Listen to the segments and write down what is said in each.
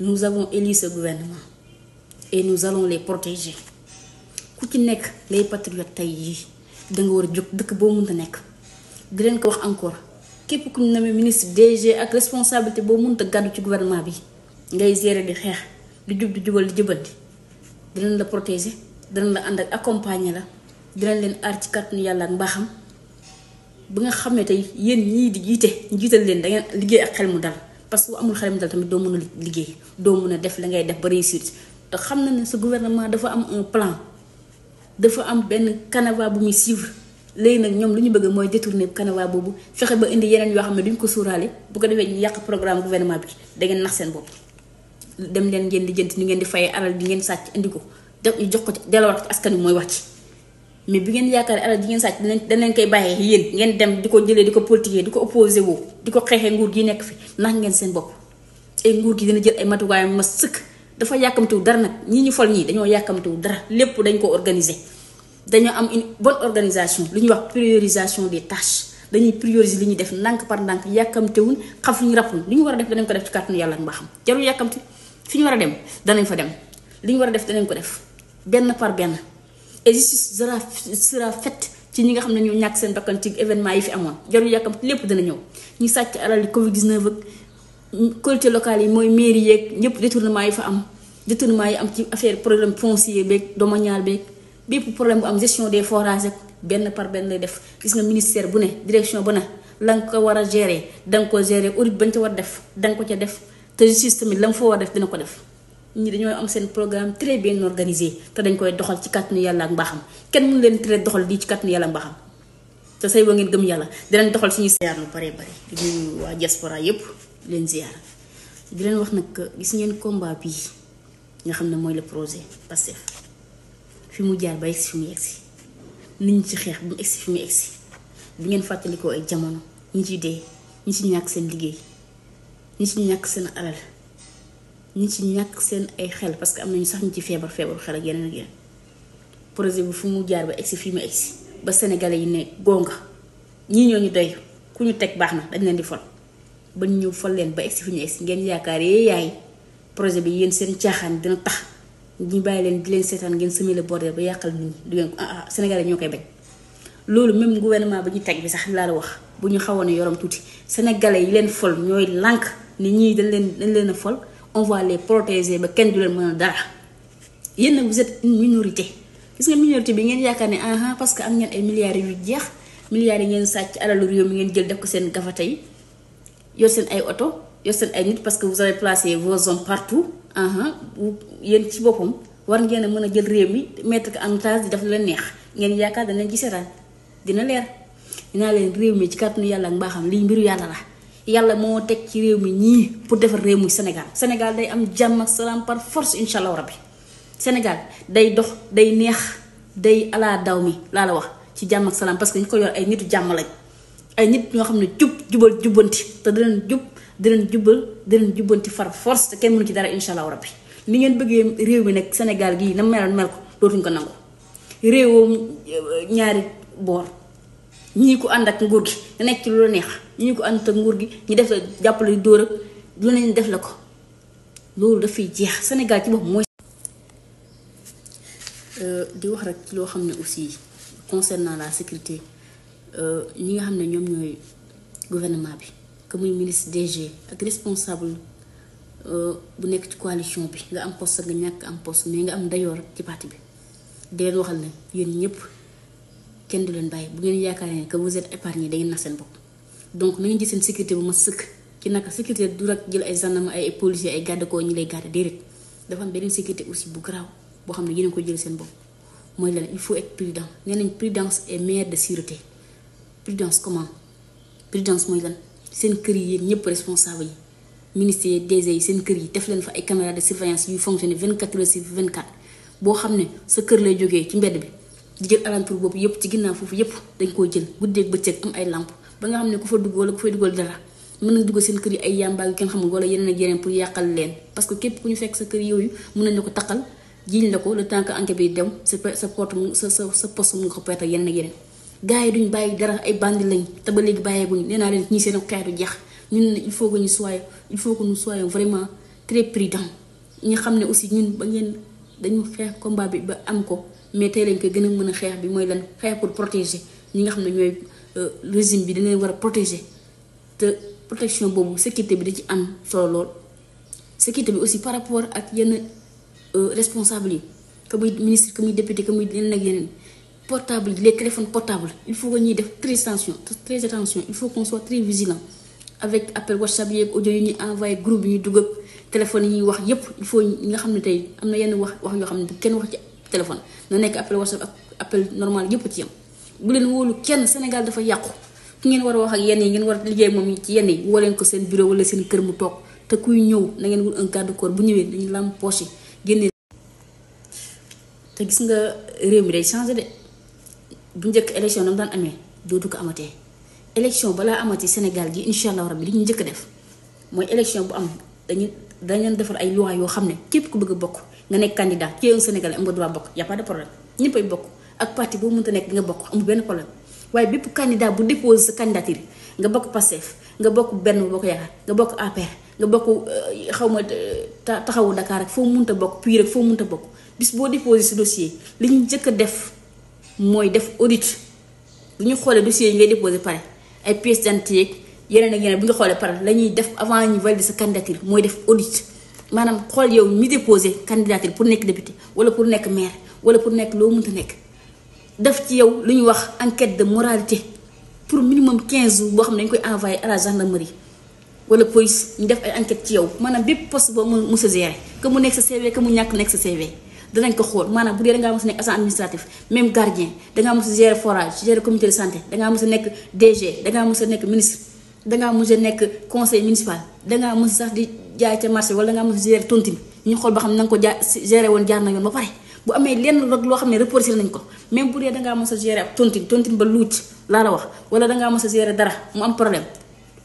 nous avons élu ce gouvernement et nous allons les protéger ku ci nekk lay patriotes tey yii da nga war a jóg dëkk boo mënta nekk di leen ko wax encore képp ku ñu nommé ministre DG ak responsabilité boo mun mënta gàddu ci gouvernement bi ngay gérer di xeex di jub di jubal di jëbal di dinañ la protéger dinañ la ànd ak accompagner la dinañ leen aar ci kàttanu yàlla ak mbaaxam ba nga xam ne tey yéen ñii di jiite jiital leen da ngeen liggéey ak xel mu dal. parce que amul xelam dal tamit doo mën a liggéey doo mën a def la ngay def ba réussir te xam na ne sa guvernement dafa am un plan dafa am benn canevas bu muy suivre léegi nag ñoom lu ñu bëgg mooy détourner kanawaa boobu fexe ba indi yeneen yoo xam ne duñ ko suuraale bu ko defee ñu yàq programme gouvernement bi da ngeen nax seen bopp dem leen ngeen di jënt ñu ngeen di fayee alal di ngeen sàcc indi ko def ñu jox ko ci delloo ko ci askan wi mooy wax ci mais bi ngeen yaakaar alal ji ngeen sàcc danañ danañ koy bàyyee yéen ngeen dem di ko jëlee di ko politiquer di ko opposé woo di ko xeexee nguur gi nekk fi nax ngeen seen bopp ay nguur gi dina jël ay matuwaayam ma sëkk dafa yàkkamtiwu dara nag ñi ñu fol ñii dañoo yàkkamtiwu dara lépp dañ ko dañoo am une bonne organisation lu ñuy wax priorisation des tâches dañuy prioriser li ñuy def ndànk par ndànk yàkkamtiwuñ xam fu ñu rappul li ñu war a def danañ ko def ci kàttanu yàlla ak mbaaxam jarul yàkkamti fi ñu war a dem danañ fa dem li ñu war a def danañ ko def benn par benn et justice sera sera faite ci ñi nga xam ne ñoo ñàkk seen bakkan ci événement yi fi amoon jarul yàkkam lépp dana ñëw ñu sàcc alal Covid 19 ak collectivités locale yi mooy mairie yeeg ñëpp détournement yi fa am détournement yi am ci affaire problème foncier beeg domanial beeg bépp problème bu am gestion des forage ak benn par benn def gis nga ministère bu ne direction ba na la nga ko war a gérer da nga ko gérer audit bañ ca war def da ko ca def te justice tamit la mu def dina ko def. ñi dañoo am seen programme très bien organisé te dañ koy doxal ci kàttanu yàlla ak mbaaxam kenn mënu leen tere doxal lii ci kàttanu yàlla ak mbaaxam te say wa ngeen gëm yàlla dinañ doxal suñu ziar lu bare bare di nuyu waa diaspora yépp leen ziar di leen wax nag gis ngeen combat bii nga xam ne mooy le projet Pastef fi mu jaar ba egsi fi mu egsi niñ ci xeex bu mu egsi fi mu egsi bi ngeen fàttalikoo ay jamono ñi ci dee ñi ci ñàkk seen liggéey ñi ci ñàkk seen alal ñi ci ñàkk seen ay xel parce que am nañu sax ñu ci feebar feebar xel ak yeneen ak yeneen projet bi fu mu jaar ba egsi fii mu egsi ba sénégalais yi ne gonga ñii ñoo ñu doy ku ñu teg baax na dañ leen di fol ba ñëw fol leen ba egsi fi ñu egsi ngeen yaakaar yaay projet bi yéen seen caaxaan dina tax ñu bàyyi leen di leen ngeen semer le ba yàqal nit ñi du ngeen ah, ah, ñoo koy bañ. loolu même gouvernement bi ñu teg bi sax laa la wax bu ñu xawoon yorom tuuti sénégalais yi leen fol ñooy lànk ni ñii dañ leen dañ leen a fol. on va les protéger ba kenn du leen mën a dara yéen nag vous êtes minorité gis nga minorité bi ngeen yaakaar ne ah, ah parce que am ngeen ay milliards yu jeex milliards yi ngeen sàcc alalu réew mi ngeen jël def ko seen gafata yi yor seen ay oto yor seen ay nit parce que vous avez placé vos hommes partout ah, ah yéen ci boppam war ngeen a mën a jël réew mi mettre ko en place di def la neex ngeen yaakaar danañ ci seetaan dina leer dinaa leen réew mi ci kàttanu yàlla ak mbaaxam lii mbiru yàlla la. yàlla moo teg ci réew mi ñii pour defar réew muy Sénégal Sénégal day am jàmm ak salaam par force incha allah rabbi Sénégal day dox day neex day ala daw mi laa la wax ci jàmm ak salaam parce que ñu ko yor ay nitu jàmm lañ ay nit ñoo xam ne jub jubal jubbanti te dinañ jub dinañ jubal dinañ jubbanti far force te kenn mënu ci dara incha allah rabbi ni ngeen bëggee réew mi nag Sénégal gii na meloon mel ko dootuñ ko nangu réewam euh, ñaari boor. ñii ko ànd ak nguur gi ci lu la neex ñii ko ànd nguur gi ñu def la jàppale dóor ak def la ko loolu dafay jeex Sénégal ci bopp mooy. Euh, di wax rek ci loo xam ne aussi concernant la sécurité euh, ñi nga xam ne ñoom ñooy gouvernement bi que muy ministre DG ak responsable euh, bu nekk ci coalition bi nga am poste nga ñàkk am poste mais nga am dayoor ci parti bi di waxal ne yéen ñëpp. kenn du leen bàyyi bu ngeen yaakaaree ne que vous êtes épargné da nax seen bopp donc na ngeen gis seen sécurité bu ma sëkk ci naka sécurité du rek jël ay gendarme ay policier ay garde corps ñi lay garde déedéet dafa am sécurité aussi bu garaaw boo xam ne yéen ko jël seen bopp mooy lan il faut être prudent nee nañ prudence est meilleure de sûreté prudence comment prudence mooy lan seen kër yi ñëpp responsable yi ministres yi DG seen kër yi def leen fa ay caméra de surveillance yuy fonctionner 24 heures sur 24 boo xam ne sa kër lay jógee ci mbedd bi di jël alentour boobu yëpp ci ginnaaw foofu yëpp dañ koo jël guddeeg bëccëg am ay làmp ba nga xam ne ku fa dugg wala ku fay dugal dara mën nañ dugg seen kër yi ay yàmbaag yu kenn xamul wala yeneen ak yeneen pour yàqal leen parce que képp ku ñu fekk sa kër yooyu mën nañ la ko taqal jiiñ la ko le temps que enquête bi dem sa sa porte sa sa sa poste mu nga ko perte yeneen ak yeneen gars duñ bàyyi dara ay bandi lañ te ba léegi bàyyeeguñu nee naa leen ñii seen xeetu jeex ñun il ñu soyons il faut que nous soyons vraiment très prudents ñu xam ne aussi ñun ba ngeen dañu xeex combat bi ba am ko mais tey lañ ko gën a mën a xeex bi mooy lan xeex pour protéger ñi nga xam ne ñooy euh, résime bi dañ war a protéger te protection boobu sécurité bi da ci am solo lool. sécurité bi aussi par rapport ak yenn euh, responsable yi que muy ministre que muy député que muy yeneen ak yeneen portable les téléphones portables il faut que ñuy def très attention très attention il faut qu'on soit très vigilant avec appel whatsapp yeeg audio yi ñuy envoyé group yi ñuy dugg téléphone yi ñuy wax yépp il faut ñi nga xam ne tey am na yenn wax wax yoo xam ne kenn wax ci. téléphone na nekk appel whatsapp appel normal yëpp ci yam bu leen wóolu kenn Sénégal dafa yàqu ki ngeen war a wax ak yenn yi ngeen war a liggéey moom ci yenn yi woo leen ko seen bureau wala seen kër mu toog te kuy ñëw na ngeen wut un garde corps bu ñëwee dañu lam poche génne te gis nga réew mi day changé bu njëkk élection nam daan amee dootu ko amatee élection balaa amati Sénégal gi incha allah rabbi li ñu njëkk def mooy élection bu am dañu dañ leen defar ay loi yoo xam ne képp ku bëgg a bokk nga nekk candidat ci yow Sénégal am nga droit bokk y' a pas de problème ñëppay bokk ak parti boo mënta nekk di nga bokk amul benn problème waaye bépp candidat bu déposé sa candidature nga bokk Pastef nga bokk benn boo ko yaakaar nga bokk APR nga bokk euh, xaw ma taxawu Dakar ak foo mënta bokk puis rek foo mënta bokk bis boo déposé sa dossier li ñu njëkk a def mooy def audit bu ñuy xoolee dossier yi ngay déposé pare ay pièces d'identité yeneen ak yeneen bu ñu xoolee pare la ñuy def avant ñu valider sa candidature mooy def audit. maanaam xool yow mi déposé candidature pour nekk député wala pour nekk maire wala pour nekk loo mënta nekk def ci yow lu ñuy wax enquête de moralité pour minimum 15 jours boo xam ne dañ koy envoyé à la gendarmerie wala police ñu def ay enquête ci yow maanaam bépp poste boo mu mos a gérer mu nekk sa CV que mu ñàkk nekk sa CV danañ ko xool maanaam bu dee da ngaa mos a nekk agent administratif même gardien da ngaa mos a gérer forage gérer comité de santé a nekk DG da ngaa mos a nekk a nekk conseil municipal da jaay ca marché wala nga am gérer tontine ñu xool ba xam na ko jaa gérer woon jaar na yoon ba pare bu amee lenn rek loo xam ne reporté nañ ko même bu dee dangaa mos a gérer ab tontin tontine ba luuc laa la wax wala dangaa mos a gérer dara mu am problème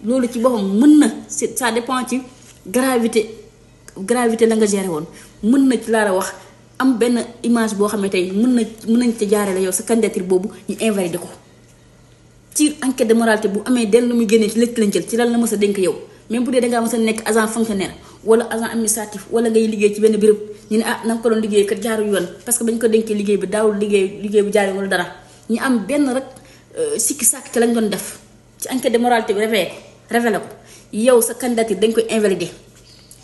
loolu ci boppam mën na ça dépend ci gravité gravité la nga gérer woon mën na ci laa la wax am benn image boo xam ne tey mën na mun nañ ca jaare la yow sa candidature boobu ñu invalidé ko ci enquête de moralité bu amee denn lu mu génnee ci lëkk lañ jël ci lan la mës a dénk yow même bu dee da ngaa mos a nekk agent fonctionnaire wala agent administratif wala ngay liggéey ci benn béréb ñu ne ah na nga ko doon liggéey kat jaarul yoon parce que bañ ko dénkee liggéey bi daawul liggéey liggéey bu jaarul wala dara ñu am benn rek euh, sikki sàkk ci lañ doon def ci enquête de moralité bi révélé ko révélé ko yow sa candidature dañ koy invalider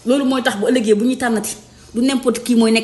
loolu mooy tax bu ëllëgee bu ñuy tànnati du n'importe kii mooy nekk.